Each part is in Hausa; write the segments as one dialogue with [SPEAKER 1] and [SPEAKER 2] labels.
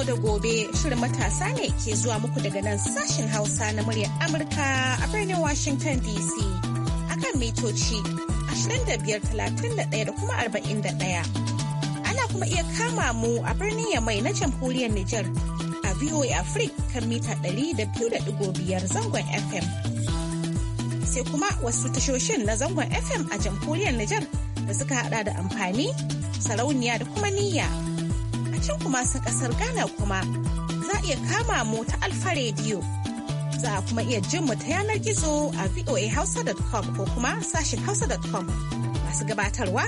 [SPEAKER 1] yau da gobe shirin matasa ne ke zuwa muku daga nan sashen Hausa na muryar Amurka a birnin Washington DC akan mitoci 2531 da kuma 41. Ana kuma iya kama mu a birnin Yamai na jamhuriyar Nijar a VOA Africa kan mita 200.5 zangon FM. Sai kuma wasu tashoshin na zangon FM a jamhuriyar Nijar da suka hada da amfani, sarauniya da kuma niyya. can kuma sun kasar Ghana kuma za a iya kama mu ta Alfa Radio. Za a kuma iya jin mu ta yanar gizo a voahausa.com ko kuma sashin hausa.com. Masu gabatarwa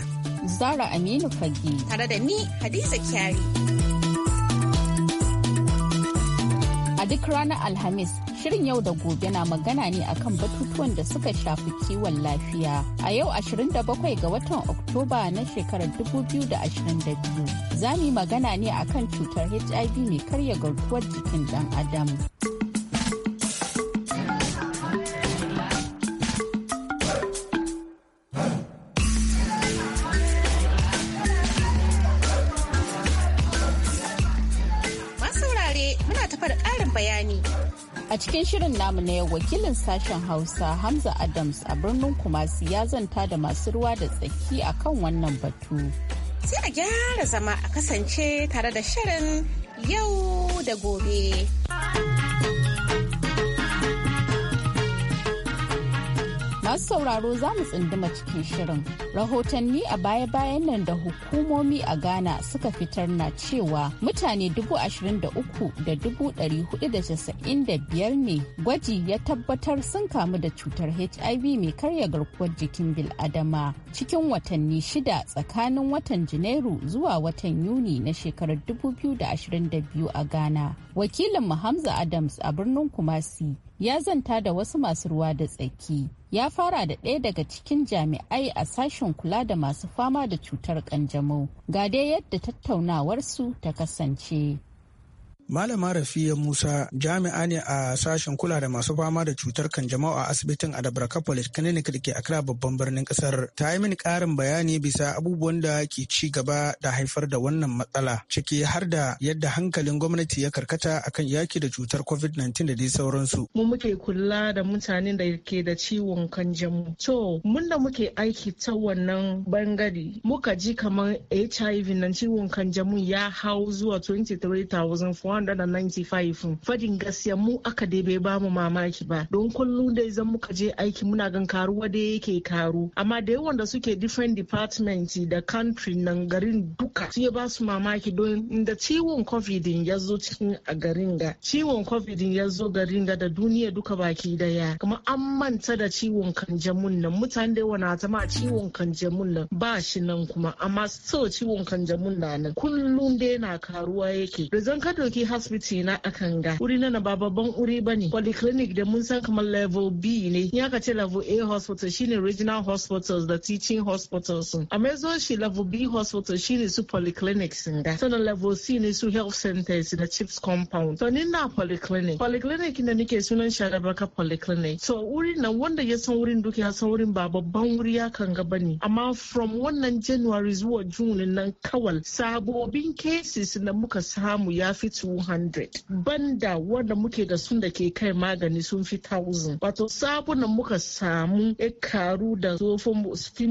[SPEAKER 1] Zara Aminu Fagi. Tare da ni Hadiza Kyari. A duk ranar Alhamis
[SPEAKER 2] Shirin yau da gobe na magana ne akan batutuwan da suka shafi kiwon lafiya. A yau 27 ga watan Oktoba na shekarar 2022 za mu magana ne akan cutar HIV mai karya garkuwar jikin dan Adam. cikin shirin namu na yau wakilin sashen Hausa Hamza Adams a birnin Kumasi ya zanta da masu ruwa da tsaki a kan wannan batu.
[SPEAKER 1] Sai a gyara zama a kasance tare da shirin yau da gobe. Masu sauraro za mu tsinduma
[SPEAKER 2] cikin shirin. Rahotanni a baya-bayan nan da hukumomi a Ghana suka fitar na cewa mutane dubu da uku da casa'in da biyar ne gwaji ya tabbatar sun kamu da cutar HIV mai karya garkuwar jikin bil'adama cikin watanni shida tsakanin watan Janairu zuwa watan Yuni na shekarar 2022 a Ghana. Wakilin Hamza Adams a birnin Kumasi ya zanta da wasu masu ruwa da tsaki ya fara da ɗaya daga cikin jami'ai a sashen kula da masu fama da cutar kanjamau ga dai yadda tattaunawarsu ta kasance
[SPEAKER 3] Malama Rafiya Musa jami'a ne a sashen kula da masu fama da cutar kanjamau a asibitin Adabraka Polyclinic da ke Accra babban birnin kasar. Ta yi mini ƙarin bayani bisa abubuwan da ke ci gaba da haifar da wannan matsala ciki har da yadda hankalin gwamnati ya karkata akan yaki da cutar COVID-19 da dai sauransu.
[SPEAKER 4] Mu muke kula da mutanen da ke da ciwon kanjamau. To, mun da muke aiki ta wannan bangare muka ji kamar HIV nan ciwon kanjamau ya hau zuwa 23,400 195 fadin gaskiya mu aka dai bai bamu mamaki ba don kullum da zan muka je aiki muna gan karuwa da yake karu amma da yawan da suke different department da country nan garin duka su ya ba su mamaki don inda ciwon covid ya zo cikin a garin ga ciwon covid ya zo garin ga da duniya duka baki daya kuma an manta da ciwon kanjamun nan mutane da yawa na zama ciwon kanjamun nan ba shi nan kuma amma so ciwon kanjamun na nan kullum dai na karuwa yake da zan ka doke a asibiti na akanga wuri na ba babban uri bane polyclinic da mun san kamar level B ne ya ka ce level A hospital shine regional hospitals da teaching hospitals a mezo shi level B hospital shine su polyclinics ga sannan level C ne su health centers da chips compound to ni na polyclinic polyclinic da nake sunan sharabaka polyclinic so uri na wanda ya san wurin duk ya san wurin ba babban wuri ya ga bane amma from wannan january zuwa june nan kawal sabobin cases da muka samu ya fito 200 banda wanda muke da sun da ke kai magani sun fi 1000 wato sabunan muka samu ya karu da tsofin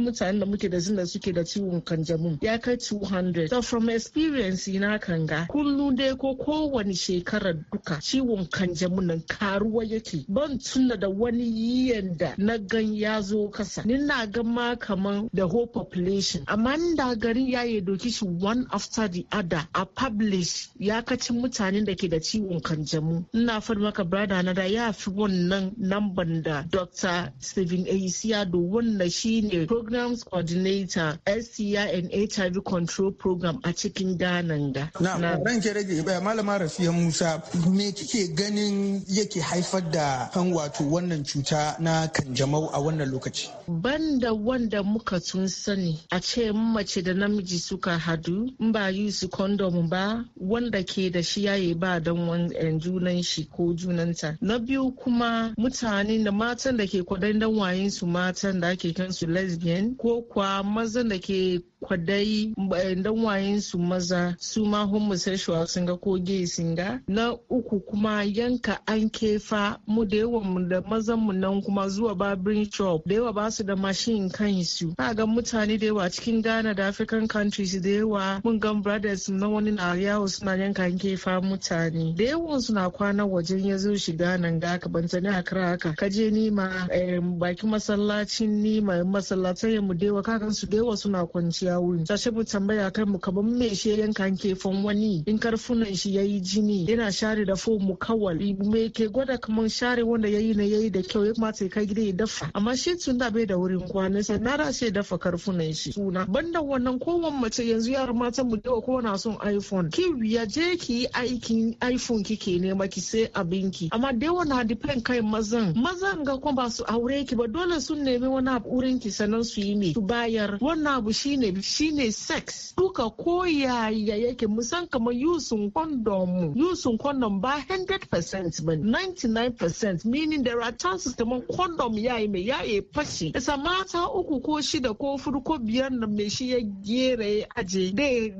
[SPEAKER 4] mutanen da muke da sun da suke da ciwon kanjamu ya kai 200 so from experience na kanga kullum dai ko kowane shekarar duka ciwon kanjamu nan karuwa yake ban tuna da wani yiyan da na gan ya zo kasa ni na ga ma kaman the whole population amma da garin ya yi doki shi one after the other a publish ya kacin mutanen da ke da ciwon kanjamu ina far maka brada na da ya fi wannan namban da dr stephen aisiado wanda ne. programs coordinator STI and HIV control program a cikin Ghana ga. Na
[SPEAKER 3] ran ke rage malama Rafiya Musa me kike ganin yake haifar da kan wato wannan cuta na kanjamau a wannan lokaci?
[SPEAKER 4] Banda wanda muka tun sani a ce mace da namiji suka hadu ba ba su kondom ba wanda ke da shi gaskiya ba dan wani eh, junan shi ko junanta na biyu kuma mutane da matan da ke kwaɗayin dan wayen su matan da ake kansu lesbian ko kwa mazan da ke kwadai eh, dan su maza su ma homosexual sun ga ko gay sun ga na uku kuma yanka an kefa mu da yawan mu da mazan mu nan kuma zuwa babin shop da yawa ba su da mashin kansu Ka ga mutane da yawa cikin Ghana da African countries da yawa mun gan brothers na wani na yawo suna yanka an kefa mutane da yawan su na kwana wajen ya zo shiga nan ga ka banta ne akara haka ka je nima eh, bakin masallacin nima masallatan mu da yawa kakan su da yawa suna kwanciya ya wuri mu tambaya kai mu kamar me shi hanke fon wani in karfunan shi yayi jini yana share da fo mu kawali me ke gwada kaman share wanda yayi na yayi da kyau ya kamata kai gida ya dafa amma shi tun da bai da wurin kwana sai na sai dafa karfunan shi suna banda wannan kowan mace yanzu yar matan mu da ko na son iPhone ki ya je ki aikin iPhone kike nema ki sai abinki amma da wannan na depend kai mazan mazan ga kuma ba su aure ki ba dole sun nemi wani abu wurin ki sanan su yi ne su bayar wannan abu shine shine sex duka ko yaya yake musan kamar yusun condom yusun condom ba 100% ba 99% meaning there are chances kamar condom yayi mai yayi fashi isa mata uku ko shida ko furu ko biyar na mai shi ya gera ya aje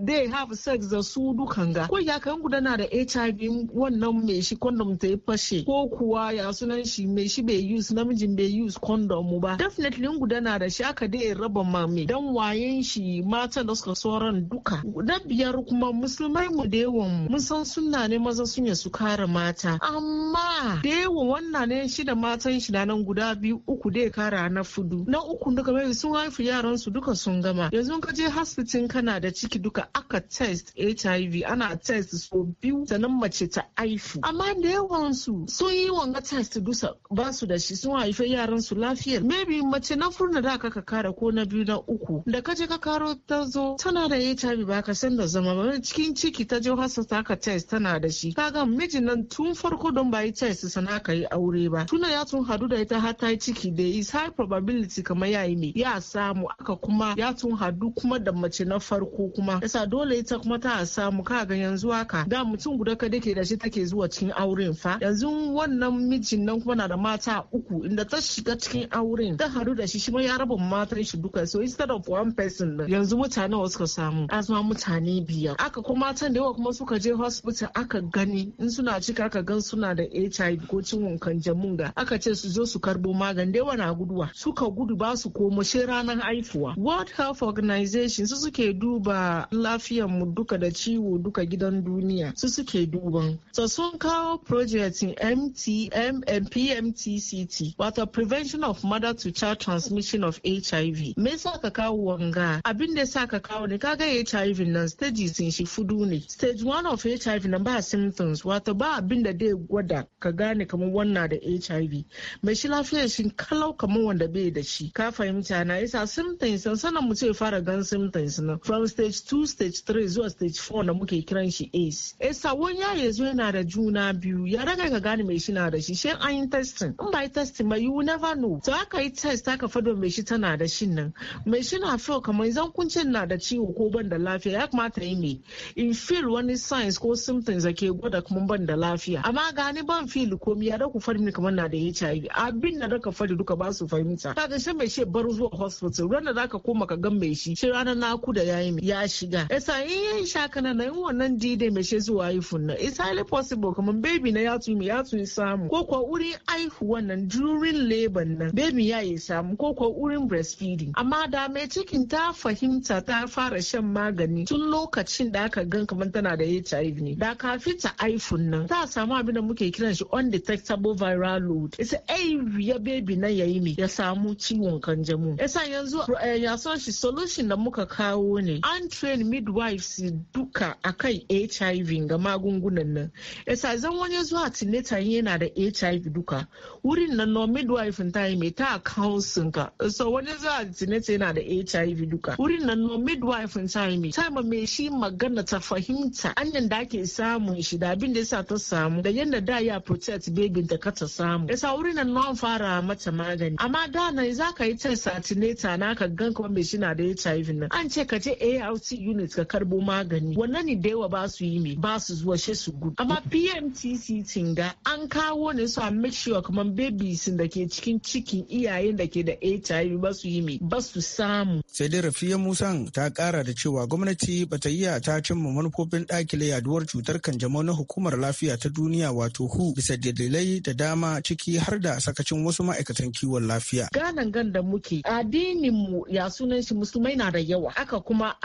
[SPEAKER 4] they have sex da su dukan ga ko ya kan gudana da HIV wannan mai shi condom ta yi fashe ko kuwa ya sunan shi mai shi bai use namijin bai use condom ba definitely gudana da shi aka dai raba ma dan wayen shi Mata matan da suka sauran duka na biyar kuma musulmai mu da yawan mun san suna ne maza sun yi su kare mata amma da yawan wannan ne shida matan shi nan guda biyu uku dai a na fudu na uku duka bai sun haifi yaran su duka sun gama yanzu ka je kana da ciki duka aka test HIV ana test so biyu sannan mace ta haifu amma da yawan su sun yi wanga test dusa ba su da shi sun haifi yaran su lafiyar maybe mace na furna da ka kara ko na biyu na uku da kaje ka kara yaro ta zo tana da HIV ba ka san da zama ba cikin ciki ta je ta ka test tana da shi kaga mijin nan tun farko don ba yi test sana ka yi aure ba tuna ya tun hadu da ita har ta yi ciki da is high probability kamar ya yi ne. ya samu aka kuma ya tun hadu kuma da mace na farko kuma yasa dole ita kuma ta samu ka kaga yanzu haka da mutum guda ka dake da shi take zuwa cikin auren fa yanzu wannan mijin nan kuma na da mata uku inda ta shiga cikin auren ta hadu da shi shi ma ya raba matan shi duka so instead of one person yanzu mutane wasu suka samu azuma mutane biyar aka kuma tan da yawa kuma suka je hospital aka gani in suna cika aka gan suna da HIV ko ciwon jamun da aka ce su zo su karbo magani da yawa na guduwa suka gudu ba su komo shi ranar haifuwa World Health Organization su suke duba lafiyar mu duka da ciwo duka gidan duniya su suke duban so sun kawo project MTM PMTCT wato prevention of mother to child transmission of HIV me sa ka kawo wanga abin da sa ka kawo ne kaga HIV nan stage sun shi fudu ne stage 1 of HIV nan ba symptoms wato ba abin da dai gwada ka gane kamar wannan da HIV mai shi lafiyar shi kalau kamar wanda bai da shi ka fahimta na yasa symptoms sanan mu ce fara gan symptoms nan from stage 2 stage 3 zuwa stage 4 na muke kiran shi AIDS E sawon ya yanzu yana da juna biyu ya raga ka gane mai shi na da shi shin an yi testing in ba yi testing ba you never know to aka yi test aka fado mai shi tana da shin nan mai shi na fa kamar idan kuncin na da ciwo ko ban da lafiya ya kamata yi mai in feel wani signs ko symptoms da ke gwada kuma ban da lafiya amma gani ban feel komi ya da ku fari kamar na da HIV abin da daka fari duka ba su fahimta ta ga shi mai ce bar zuwa hospital ranar zaka koma ka gan mai shi shi ranar naku da yayi ya shiga yasa in yin shaka na in wannan dide mai shi zuwa iphone na it's highly possible kamar baby na ya tuni ya tuni samu ko ko uri aihuwan nan during labor nan baby ya yi samu ko ko urin breastfeeding amma da mai cikin ta fahimta ta fara shan magani tun lokacin da aka gan kamar tana da HIV ne da ka ta iPhone nan ta samu abin da muke kiran shi undetectable viral load isa aiv ya baby na yayi ne ya samu ciwon kanjamu yasa yanzu eh, ya son shi solution da muka kawo ne an train midwives duka akai HIV ga magungunan nan yasa zan wani zuwa tineta yana da HIV duka wurin nan no midwife ta yi mai ta counseling ka so wani zuwa tineta yana da HIV duka wurin na no midwife in time me shi magana ta fahimta anyan da ake samu, shi da abin da yasa ta samu da yanda da ya protect baby da ka ta samu yasa wurin nan no fara mata magani amma da nan za ka yi test satinator na ka gan kuma me shi na da HIV nan an ce ka je ART unit ka karbo magani wannan ne da yawa ba su yi me ba su zuwa she su gudu amma PMTC tinga an kawo ne su a make sure kuma babies da ke cikin cikin iyayen da ke da HIV ba su yi me ba su samu
[SPEAKER 3] sai dai maryam musan ta kara da cewa gwamnati bata ta cimma manufofin dakile yaduwar cutar kanjamau na hukumar lafiya ta duniya wato hu bisa dalilai da dama ciki har da sakacin wasu ma'aikatan kiwon lafiya
[SPEAKER 4] ganan gan da muke addinin mu ya sunan shi musulmai na da yawa haka kuma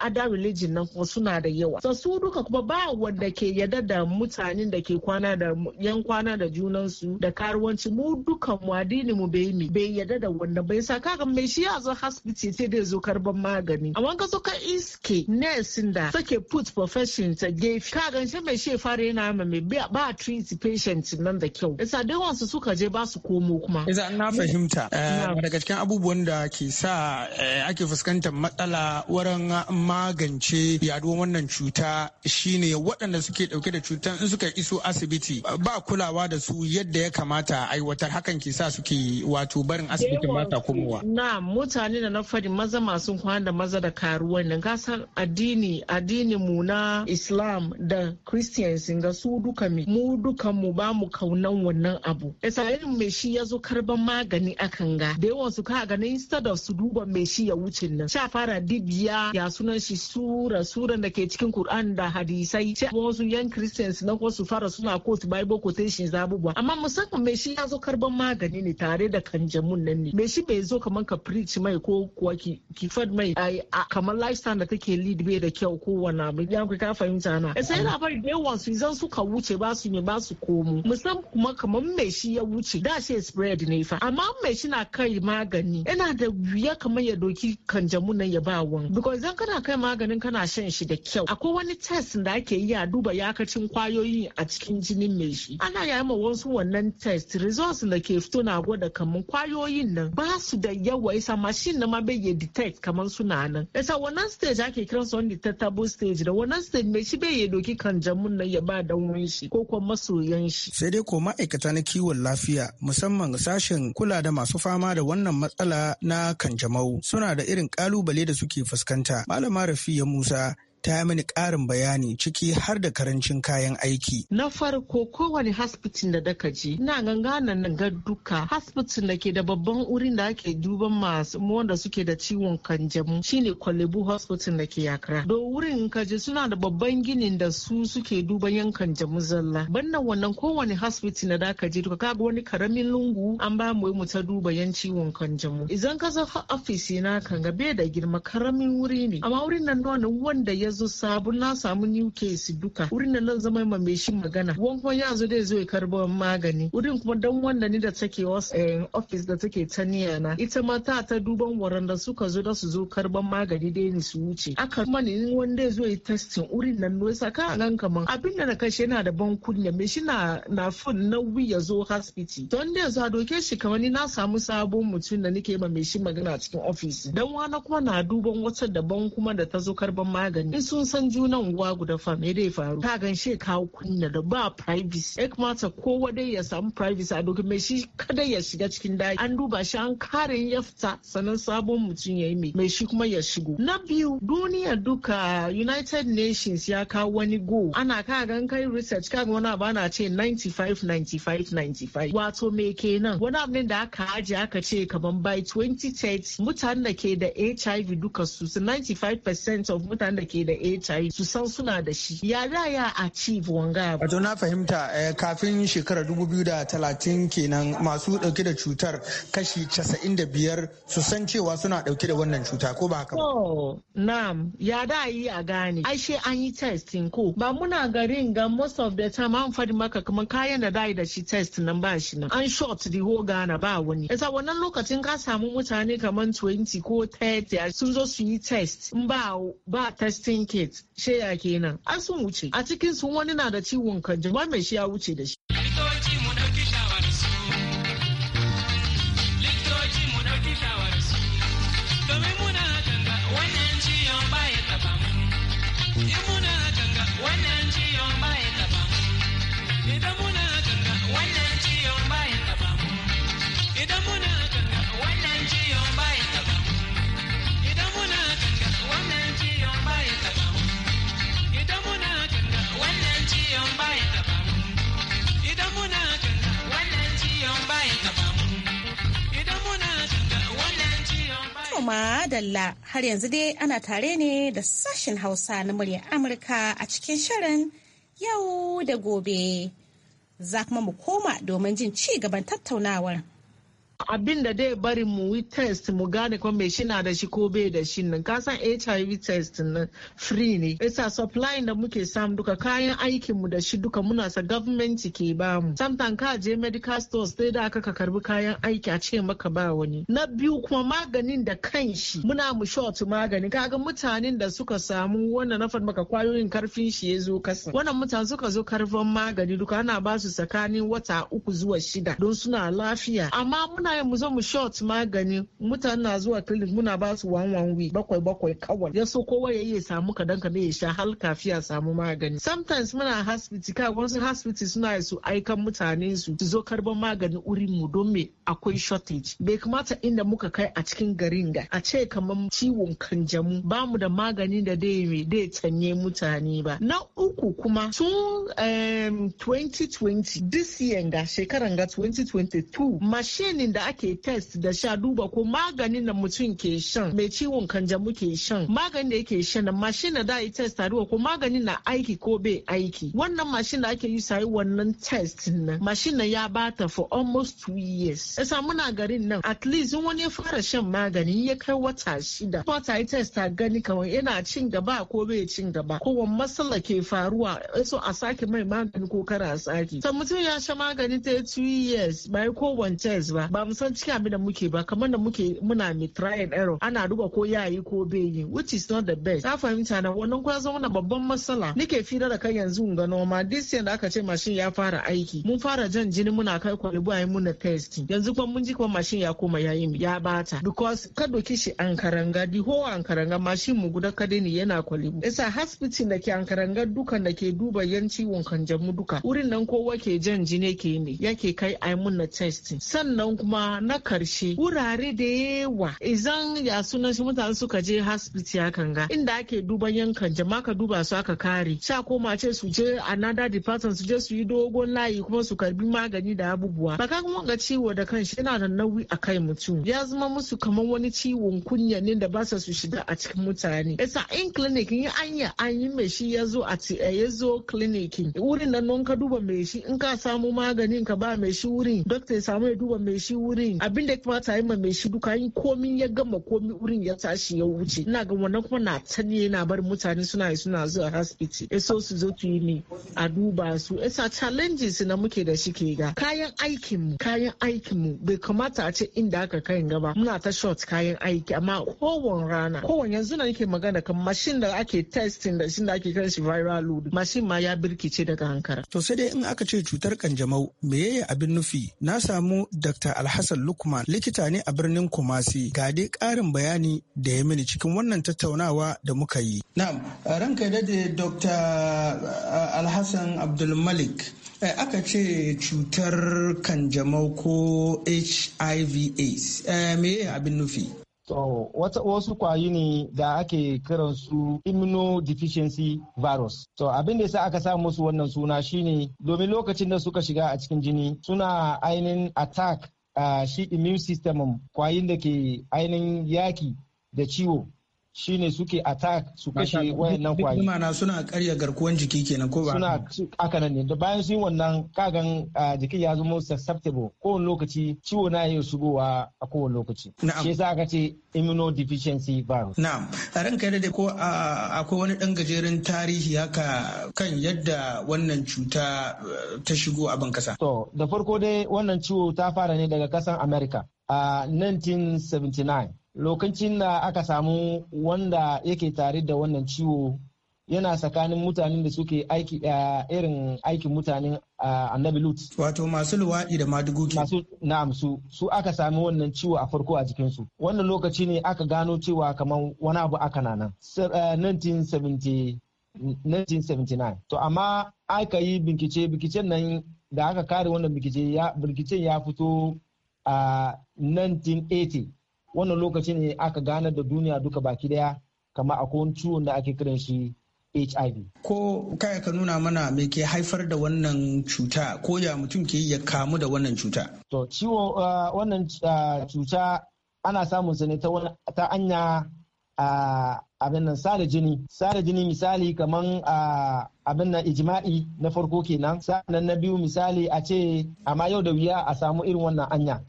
[SPEAKER 4] ada eh, religion nan kuma suna da yawa Sasu su duka kuma ba wanda ke yadda da mutanen da ke kwana da yan kwana da junan su da karuwanci mu dukan mu addinin mu bai bai yadda da wanda bai sa kaga mai shi ya zo asibiti sai dai zo karba sabon magani A ka suka iske ne nursing da sake put profession ta gefe ka ganshe mai she fara yana ma mai ba treat patient nan da kyau yasa dai wasu suka je ba su komo kuma yasa na fahimta eh,
[SPEAKER 3] daga cikin abubuwan da ke sa eh, ake fuskantar matsala wurin magance yaduwar wannan cuta shine waɗanda suke ɗauke da cutar in suka iso asibiti ba kulawa da su yadda ya kamata aiwatar hakan ke sa suke wato barin asibitin mata komowa
[SPEAKER 4] na mutane da na fari maza masu kwan da maza da karuwan nan kasan addini addini mu na islam da christians ga su duka mi mu duka mu ba mu kaunan wannan abu isra'ilin mai shi ya zo karban magani akan ga da yawan su ka ganin instead of su duba mai shi ya wuce nan sha fara dibiya ya sunan shi sura suran da ke cikin qur'an da hadisai sai wasu yan christians na ko su fara suna quote bible quotations abubuwa amma musamman mai shi ya zo karban magani ne tare da kanjamun nan ne mai shi bai zo kaman ka preach mai ko kuwa ki fara. avoid mai kamar lifestyle da kake lead bai da kyau kowane abu ya ka fahimta na sai yana bari da yawan su idan suka wuce ba su ne ba su komo musam kuma kamar mai shi ya wuce da shi spread ne fa amma mai shi na kai magani yana da wuya kamar ya doki kanjamu nan ya ba wani because idan kana kai maganin kana shan shi da kyau akwai wani test da ake yi a duba yakacin kwayoyi a cikin jinin mai shi ana yayi ma wasu wannan test results da ke fito na gwada kamar kwayoyin nan ba su da yawa isa machine na ma bai ya detect kamar suna nan yasa wannan stage ake kiransu wani tattable stage da wannan stage mai shi bai ya doki kanjamun nan ya ba dan shi ko kuma masoyan shi sai dai ko ma'aikata na kiwon
[SPEAKER 3] lafiya musamman sashen kula da masu fama da wannan matsala na kanjamau suna da irin kalubale da suke fuskanta malama rafiya musa ta mini ƙarin bayani ciki har da karancin kayan aiki.
[SPEAKER 4] Na farko kowane hasbitin da daka je, ina gangana nan ga duka hasbitin da ke da babban wurin da ake duban masu wanda suke da ciwon kanjamu shine Kwalebu hasbitin da ke Accra. Do wurin ka suna da babban ginin da su suke duban yan kanjamu zalla. Bannan wannan kowane hasbitin da daka je duka kaga wani karamin lungu an ba mu mu ta duba yan ciwon kanjamu. Idan ka zo ofisi na kan ga bai da girma karamin wuri ne amma wurin nan wanda ya zo sabon na samu new case duka wurin da nan zama ma mai shi magana wankon ya zo dai zai karbo magani wurin kuma dan wanda ni da take eh, office da take ta na ita ma ta ta duban waranda suka zo da su zo karban magani dai ni su wuce aka kuma ne wanda zo yi testing wurin nan ne saka nan kaman abin da na kashe yana da ban kunya mai shi na na fun nauyi ya zo hospital don dai za a doke shi kaman ni na samu sabon mutum da nake ma mai shi magana cikin office dan wani kuma na duban wata daban kuma da ta zo karban magani in sun san junan uwa guda fa me dai faru ka gan she k'a kunna da ba privacy ek mata kowa dai ya samu privacy a dokin mai shi kada ya shiga cikin daji an duba shi an kare ya fita sannan sabon mutum ya yi mai mai shi kuma ya shigo na biyu duniya duka united nations ya kawo wani go ana ka gan kai research ka wani abu ana ce 95 95 95 wato me kenan wani abu ne da aka aje aka ce kaman by 2030 mutanen da ke da hiv duka su 95% of mutanen da ke da HIV su san suna da shi. Ya da ya chief wanga.
[SPEAKER 3] Wato na fahimta eh, kafin shekara 2030 kenan masu dauke da cutar kashi 95 su san cewa suna dauke da wannan cuta ko ba haka ba. Oh,
[SPEAKER 4] na'am, ya da yi a gane. Ai she an yi testing ko ba muna garin ga most of the time an fadi maka kuma kayan da dai da shi test nan ba shi nan. An short the whole Ghana ba wani. Yasa wannan lokacin ka samu mutane kamar 20 ko 30 sun zo su yi test. Ba ba testing green kit ya kenan an sun wuce a cikin sun wani na da ciwon kanjamau mai shi ya wuce da shi.
[SPEAKER 1] madalla har yanzu dai ana tare ne da sashen hausa na muryar amurka a cikin shirin yau da gobe za kuma mu koma domin jin ci gaban tattaunawar abin da dai bari mu yi test mu gane kuma mai shina da
[SPEAKER 4] shi ko bai da shi nan kasan hiv test na free ne isa supply da muke samu duka kayan aikin mu da shi duka muna sa government ke ba mu samtan ka je medical stores sai da aka ka karbi kayan aiki a ce maka ba wani na biyu kuma maganin da kan kanshi muna mu short magani kaga mutanen da suka samu wannan na maka kwayoyin karfin shi ya zo kasa wannan mutane suka zo karfin magani duka ana ba su tsakanin wata uku zuwa shida don suna lafiya amma muna muna yin mu mu shot magani mutane na zuwa clinic muna ba su one one week bakwai bakwai kawai ya so kowa ya iya samu kadan kadan ya sha hal kafiya samu magani sometimes muna hospital kai wasu hospital suna su aikan mutane su su zo karban magani urin mu don me akwai shortage bai kamata inda muka kai a cikin garin ga a ce kamar ciwon kanjamu ba mu da magani da dai me dai tanye mutane ba na uku kuma tun um, 2020 this year ga shekaran ga 2022 mashinin da ake test da sha duba ko maganin da mutum ke shan mai ciwon kanjamu ke shan maganin da yake shan mashin da da yi test taruwa ko maganin na aiki ko bai aiki wannan mashin da ake yi sayi wannan test na mashin ya bata for almost two years yasa muna garin nan at least wani ya fara shan magani ya kai wata shida ko ta yi test ta gani kawai yana cin gaba ko bai cin gaba ko wani matsala ke faruwa so a sake mai magani ko kara a sake ta mutum ya sha magani ta two years ba ko one test ba ba mu san cikin abin da muke ba kamar da muke muna mai try and error ana duba ko ya yi ko bai yi which is not the best na fahimta na wannan ya zama na babban matsala nake fira da kai yanzu ga noma this year da aka ce mashin ya fara aiki mun fara jan jini muna kai kwalibu a yi muna testing yanzu kuma mun ji kuma mashin ya koma ya yi ya bata because ka doki shi an karanga di ho an karanga mashin mu guda kadai ne yana kwalibu isa hospital da ke an karanga dukan da ke duba yan ciwon kanjamu duka wurin nan kowa ke jan jini ke ne yake kai a yi muna testing sannan kuma kuma na karshe wurare da yawa izan ya sunan shi mutane suka je hasbiti ya ga inda ake duban yankan jama'a ka duba su aka kare sha koma ce su je another department su je su yi dogon layi kuma su karbi magani da abubuwa baka kuma ga ciwo da kanshi yana da nauyi a kai mutum ya zama musu kamar wani ciwon kunya ne da ba su shiga a cikin mutane yasa in clinic yi anya an yi mai shi ya zo a eh, ya zo clinic wurin nan ka duba mai shi in ka samu maganin ka ba mai shi wurin doctor ya samu ya duba mai shi wurin abin da kuma ta yi ma mai shi duka yin komi ya gama komi wurin ya tashi ya wuce ina ga wannan kuma na ta ne yana bar mutane suna yi suna zuwa hasbiti ya so su zo su yi ne a duba su isa challenges na muke da shi ke ga kayan aikin mu kayan aikin mu bai kamata a ce inda aka kai gaba muna ta short kayan aiki amma kowane rana kowane yanzu na yake magana kan mashin da ake testing da shi da ake kan shi viral load mashin ma ya birkice daga hankara to sai dai in aka ce cutar kanjamau meye abin nufi na
[SPEAKER 3] samu dr alhaji Hassan Lukman likita ne a birnin Kumasi. Ga dai ƙarin bayani da ya mini cikin wannan tattaunawa da muka yi. Na'am, ranka da Dr. Uh, Alhassan Abdulmalik. Eh, aka ce cutar kanjamau ko HIV AIDS. Eh, me ya abin nufi? So, wata
[SPEAKER 5] wasu kwayi ne da ake kiran su immunodeficiency virus. So, abin da yasa aka samu musu wannan suna shine domin lokacin da suka shiga a cikin jini suna ainihin attack shi immune system kwayin da ke ainihin yaki da ciwo shi ne suke attack su kashe wayannan kwayoyi. Duk
[SPEAKER 3] mana suna karya garkuwan jiki
[SPEAKER 6] kenan ko ba? Suna
[SPEAKER 5] aka nan ne da bayan sun yi wannan kagan ah, jiki ya zama susceptible kowane lokaci ciwo na iya shigowa a kowane lokaci. Shi yasa aka ce immunodeficiency
[SPEAKER 3] virus. Na'am. A kai da ko akwai wani dan gajeren tarihi haka kan yadda wannan cuta eh, ta shigo a ban kasa. To da farko dai wannan
[SPEAKER 5] ciwo ta fara ne daga kasan America a 1979. lokacin da aka samu wanda yake tare da wannan ciwo yana tsakanin mutanen da suke aiki irin aikin mutanen
[SPEAKER 3] annabi lut wato masu luwaɗi da maduguki
[SPEAKER 5] masu na'am su su aka sami wannan ciwo a farko a jikinsu wannan lokaci ne aka gano cewa kamar wani abu aka na nan 1979 eh, to amma aka yi bincike binkicen nan da aka kare wannan binkicen ya fito a 1980 wannan lokaci ne aka ganar da duniya duka baki daya kama akwai ciwon da ake kiran shi HIV. Ko kaya
[SPEAKER 3] ka nuna mana me ke haifar da wannan cuta ko ya mutum ke ya kamu da wannan cuta?
[SPEAKER 5] To ciwo ah, wannan ah, cuta ana samun sa ne ta anya a ah, abin nan sada jini sada jini misali kaman a abin nan ijma'i na farko kenan sannan na biyu misali a ce amma yau da wuya a samu irin wannan anya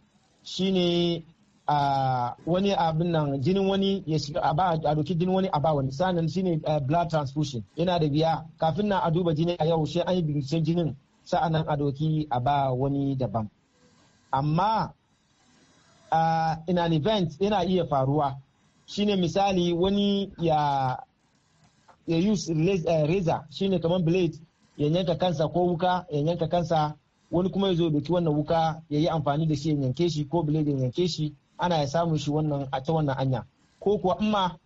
[SPEAKER 5] shine a wani abin nan jinin wani ya shiga a ba a doki jinin wani a ba wani sanan shine eh, blood transfusion yana da biya kafin na a duba jini a yau sai an yi binciken jinin sa'anan a doki a ba wani daban amma in an event yana iya faruwa shine misali wani ya ya use eh, razor shine kamar blade ya yanka kansa ko wuka ya yanka kansa wani kuma ya zo doki wannan wuka ya yi amfani da shi ya yanke shi ko blade ya yanke shi ana ya samu shi wannan a ta wannan anya ko kuwa amma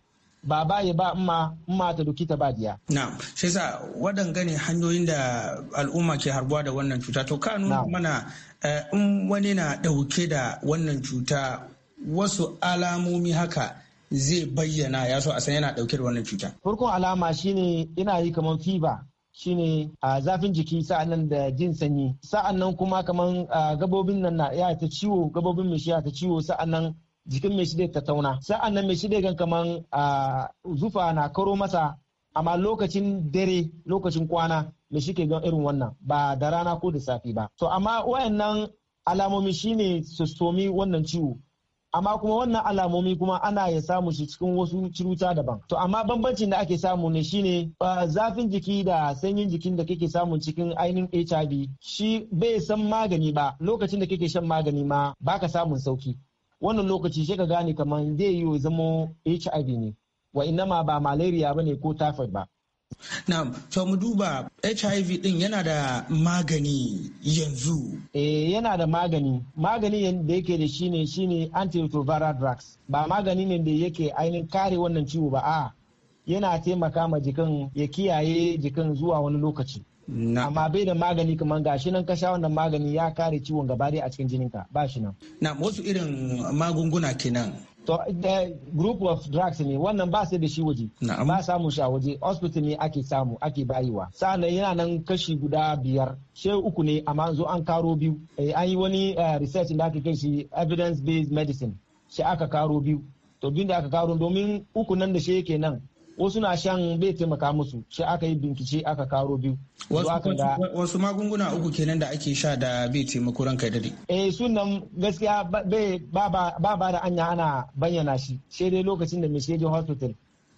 [SPEAKER 5] ba ba ya ba amma amma ta doki ta badiya.
[SPEAKER 3] Na, shi sa wadan gani hanyoyin da al'umma ke harbuwa da wannan cuta to kanu mana eh, in wani na dauke da wannan cuta wasu alamomi haka zai bayyana ya so a san yana dauke da wannan cuta. Farkon alama shine ina yi kamar fiba
[SPEAKER 5] shine a zafin jiki sa'an nan da jin sanyi Sa'an nan kuma kaman gabobin nan na ya ta ciwo gabobin mai shi ya ta ciwo nan jikin mai shi dai ta tauna nan mai shi gan kaman zufa na karo masa amma lokacin dare lokacin kwana me shi ke gan irin wannan ba da rana ko da safi ba to amma wayannan alamomi shine su somi wannan ciwo amma kuma wannan alamomi kuma ana ya samu shi cikin wasu ciruta daban to amma bambancin da ake samu ne shine zafin jiki da sanyin jikin da kake samu cikin ainihin HIV shi bai san magani ba lokacin da kake shan magani ma baka samun sauki wannan lokaci sai ka gane kamar zai yi zama HIV ne wa inama ba malaria bane ko typhoid ba
[SPEAKER 3] Na, to mu duba HIV din yana da magani yanzu. Eh yana da magani.
[SPEAKER 5] Magani da yake da shine shine antiretroviral drugs. Ba magani ne da yake ainihin kare wannan ciwo ba a yana taimaka ma jikin ya kiyaye jikin zuwa wani lokaci. amma bai da magani kamar gashi nan ka sha wannan magani ya kare ciwon gabari a cikin jininka ba shi nan.
[SPEAKER 3] Na wasu irin magunguna kenan. to group of
[SPEAKER 5] drugs ne wannan ba sai da shi waje ba samu shi waje hospital ne ake samu ake bayiwa sa'an yana nan kashi guda biyar shi uku ne amma zo an karo biyu eh, an yi wani eh, research da aka kai shi evidence based medicine shi aka karo biyu to biyu da aka karo domin uku nan da shi yake nan wasu na shan bai taimaka musu shi aka yi binkice aka karo biyu
[SPEAKER 3] wasu magunguna uku kenan da ake sha da bai taimako ranka dare eh
[SPEAKER 5] sunan gaskiya ba ba da anya ana bayyana shi sai dai lokacin da mai hospital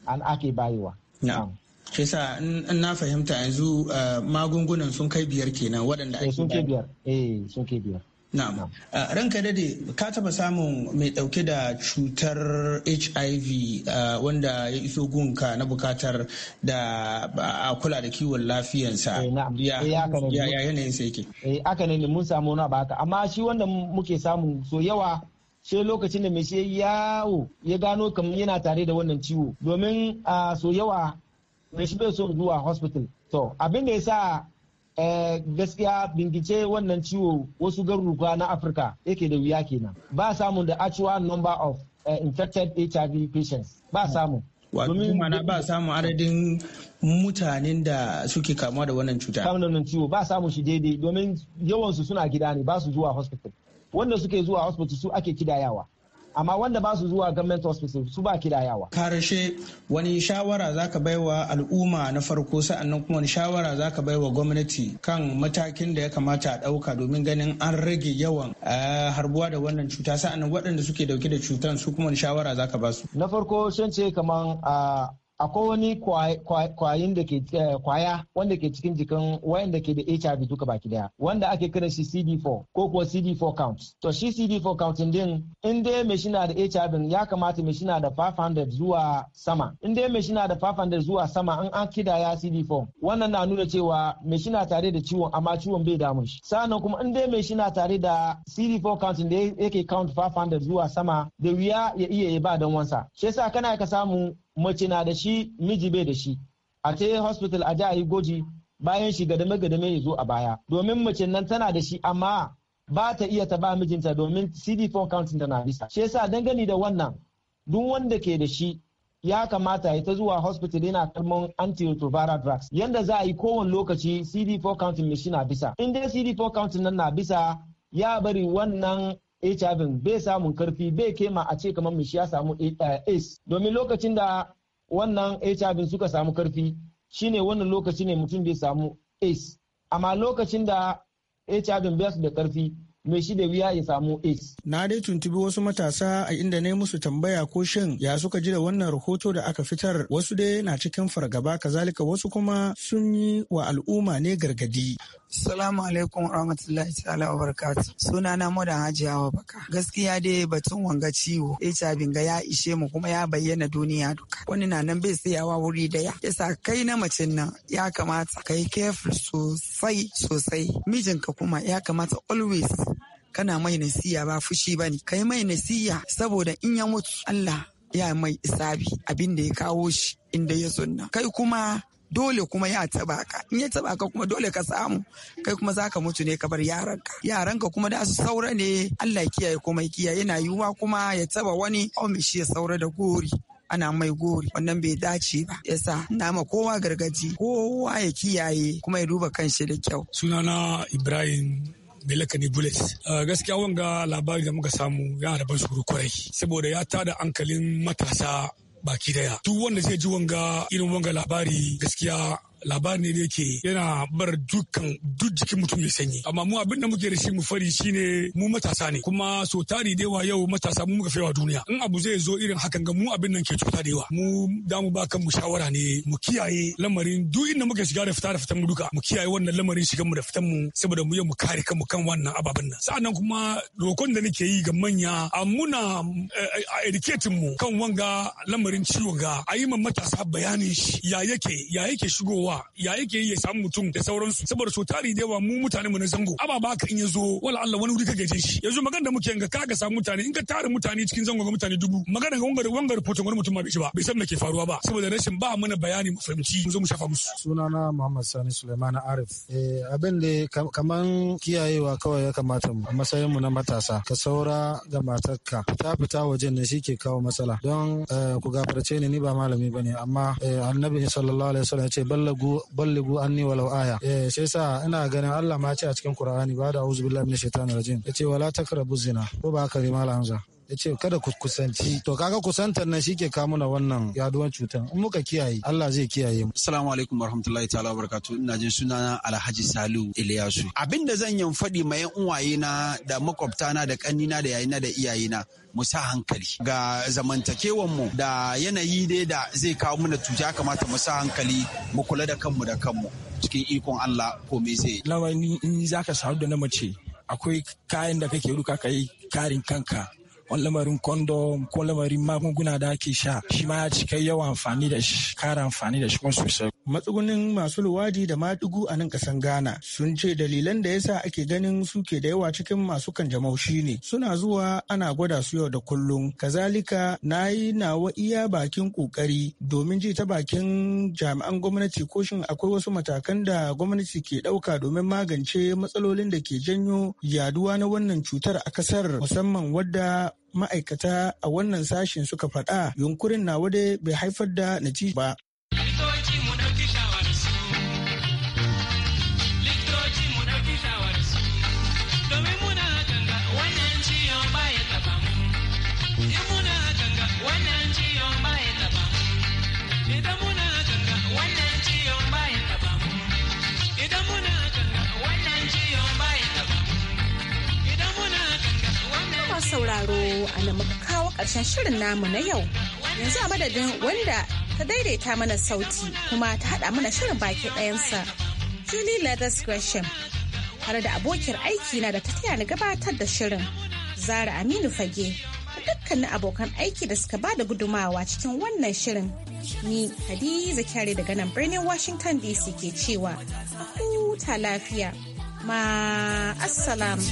[SPEAKER 5] an ake bayewa
[SPEAKER 3] na'am shi sa in na fahimta yanzu eh, magungunan sun kai biyar kenan waɗanda eh, ake sun kai biyar
[SPEAKER 5] eh sun kai
[SPEAKER 3] biyar Na'am. Uh, ranka dade ka taba samun mai dauke da cutar HIV uh, wanda ya iso gunka na bukatar da a kula da kiwon lafiyansa. Eh, ya eh, yanayin sa yake.
[SPEAKER 5] Eh aka ne mun samu wani ba haka amma shi wanda muke samu so yawa sai lokacin da mai shi yawo ya gano kamar yana tare da wannan ciwo domin uh, so yawa mai shi bai so zuwa hospital. To abin da ya sa Eh, gaskiya bincike wannan ciwo wasu garuruwa na afirka yake da wuya kenan ba samun da actual number of eh, infected hiv patients ba samu
[SPEAKER 3] domin mana ba samun adadin mutanen da suke kamuwa da wannan cuta
[SPEAKER 5] kamun wannan ciwo ba samun shi daidai domin yawansu suna gida ne ba su zuwa hospital wanda suke zuwa hospital su ake kidayawa amma wanda ba su zuwa government hospital su ba kidayawa
[SPEAKER 3] karshe wani shawara zaka baiwa al'umma na farko sa'annan kuma wani shawara zaka baiwa gwamnati kan matakin da ya kamata a ɗauka domin ganin an rage yawan eh, harbuwa da wannan cuta sa'annan waɗanda suke dauke da cutan su kuma wani shawara zaka ba su na farko
[SPEAKER 5] shan ce kaman ah, akwai wani kwayin da ke eh, kwaya wanda ke cikin jikin wayanda ke da HIV duka baki daya wanda ake kira shi CD4 ko kuwa CD4 count to shi CD4 count din in dai mai shi na da HIV ya kamata mai shi na da 500 zuwa sama in dai mai shi na da 500 zuwa sama an an kidaya CD4 wannan na nuna cewa mai shi na tare da ciwon amma ciwon bai damu shi sannan kuma in dai mai shi na tare da CD4 count da yake count 500 zuwa sama da wuya ya iya ya ba dan wansa shi yasa kana ka samu mace na da shi miji bai da shi a ta hospital a ji a yi goji bayan shi gadame gadame ya zo a baya domin mace nan tana da shi amma ba ta iya ta ba mijinta domin cd4 counting tana bisa shi yasa dangane da wannan duk wanda ke da shi ya kamata ya ta zuwa hospital yana kalmon antiretroviral drugs yanda za a yi kowane lokaci cd4 counting shi na bisa in dai cd4 counting nan na bisa ya bari wannan HIV bai samun karfi bai kema a ce kamar mishi ya samu eh, eh, AIDS domin lokacin da wannan HIV suka samu karfi shine wannan lokaci ne mutum bai samu
[SPEAKER 3] AIDS amma lokacin da HIV bai su da karfi mai shi da wuya ya samu AIDS. Na dai tuntubi wasu matasa a inda na musu tambaya ko shin ya suka ji da wannan rahoto da aka fitar wasu dai na cikin fargaba kazalika wasu kuma sun yi wa al'umma ne gargadi. Assalamu alaikum warahmatullahi ta'ala wa barakatu. Suna na Modan Hajiya wa baka. Gaskiya dai batun wanga ciwo HIV ga ya ishe mu kuma ya bayyana duniya duka. Wani na nan bai tsayawa wuri daya. Yasa kai na macen nan ya kamata kai careful sosai sosai. Mijinka kuma ya kamata always kana mai nasiya ba fushi ba bane. Kai mai nasiya saboda in ya mutu Allah ya mai isabi abin da ya kawo shi inda ya sunna kai kuma dole kuma ya taba ka in ya taba ka kuma dole ka samu kai kuma zaka mutu ne ka bar yaran yaranka yaranka kuma da su saura ne Allah kiyaye komai kiyaye yana yiwuwa kuma ya taba wani oh, shi ya saura da gori ana mai gori wannan bai dace ba yasa ma kowa gargaji kowa ya kiyaye
[SPEAKER 6] kuma ya duba kanshi da kyau sunana ibrahim Belaka ne Bullets. Gaskiya wanga labari da muka samu ya da ban kwarai saboda ya tada hankalin matasa baki daya duk wanda zai ji wanga irin wanga labari gaskiya labari ne da yake yana bar dukkan duk jikin mutum ya sanyi amma mu abin da muke da shi mu fari shine mu matasa ne kuma so tari da yawa yau matasa mu muka fewa duniya in abu zai zo irin hakan ga mu abin nan ke cuta da yawa mu da mu ba kan mu shawara ne mu kiyaye lamarin duk inda muka shiga da fita da fitan mu duka mu kiyaye wannan lamarin shigan mu da fitan mu saboda mu yau mu kare kanmu kan wannan ababen nan sa'annan kuma dokon da nake yi ga manya a muna eh, a educating mu kan wanga lamarin ciwon ga a yi matasa bayanin shi ya yake ya yake shigowa yawa ya yake yi ya samu mutum da sauransu saboda so tari da yawa mu mutane mu na zango b'a ka in ya zo wala Allah wani wuri ka gaje shi yanzu magana da muke ga ka ga samu mutane in ka tare mutane cikin zango ga mutane dubu magana ga wangar wangar foton wani mutum ma bai ba bai san me ke faruwa ba saboda rashin ba mana bayani mu fahimci mu zo mu shafa musu sunana Muhammad Sani Sulaiman
[SPEAKER 3] Arif eh abin da kaman kiyayewa kawai ya kamata mu a matsayin mu na matasa ka saura da matarka ta fita wajen ne shi ke kawo matsala don eh, ku gafarce ni ni ba malami bane amma eh, annabi sallallahu alaihi wasallam ya ce ballagu balligu anni walau aya eh shi ina ganin Allah ma ce a cikin Qur'ani ba da auzu billahi minash shaitani rajim yace wala takrabu zina ko ba ka ne malam Hamza ya ce kada ku kusanci to kaga kusantar nan ke ka mana wannan yaduwar cutar in muka kiyaye Allah zai kiyaye mu assalamu alaikum warahmatullahi ta'ala barakatu ina jin sunana Alhaji Salu Iliyasu Abin da zan yi fadi ma yan uwaye na da na da kannina da yayina da na mu sa hankali ga zamantakewan mu da yanayi dai da zai kawo mana tuja kamata mu sa hankali mu kula da kanmu da kanmu cikin ikon Allah ko me zai lawani in zaka sadu da na mace akwai kayan da kake ruka kai karin kanka wani lamarin kondo, ko lamarin magunguna da ake sha shi ma ya cika yawan amfani da shi kara amfani da shi kuma sosai matsugunin masu luwadi da madugu a nan kasan Ghana sun ce dalilan da yasa ake ganin suke da yawa cikin masu kanjamaushi shine suna zuwa ana gwada su yau da kullum. Kazalika na yi nawa iya bakin ƙoƙari domin ji ta bakin jami'an gwamnati ko shin akwai wasu matakan da gwamnati ke ɗauka domin magance matsalolin da ke janyo yaduwa na wannan cutar a kasar musamman wadda ma'aikata a wannan sashen suka faɗa yunkurin na wade bai haifar da natija ba
[SPEAKER 1] sauraro a nan muka kawo ƙarshen shirin namu na yau yanzu a madadin wanda ta daidaita mana sauti kuma ta haɗa mana shirin baki ɗayansa julie leathers gresham tare da abokin aiki na da ta taya ni gabatar da shirin zara aminu fage dukkanin abokan aiki da suka bada gudumawa cikin wannan shirin. Ni Hadiza Kyare daga nan birnin Washington DC ke cewa
[SPEAKER 7] huta
[SPEAKER 1] lafiya. Ma assalam.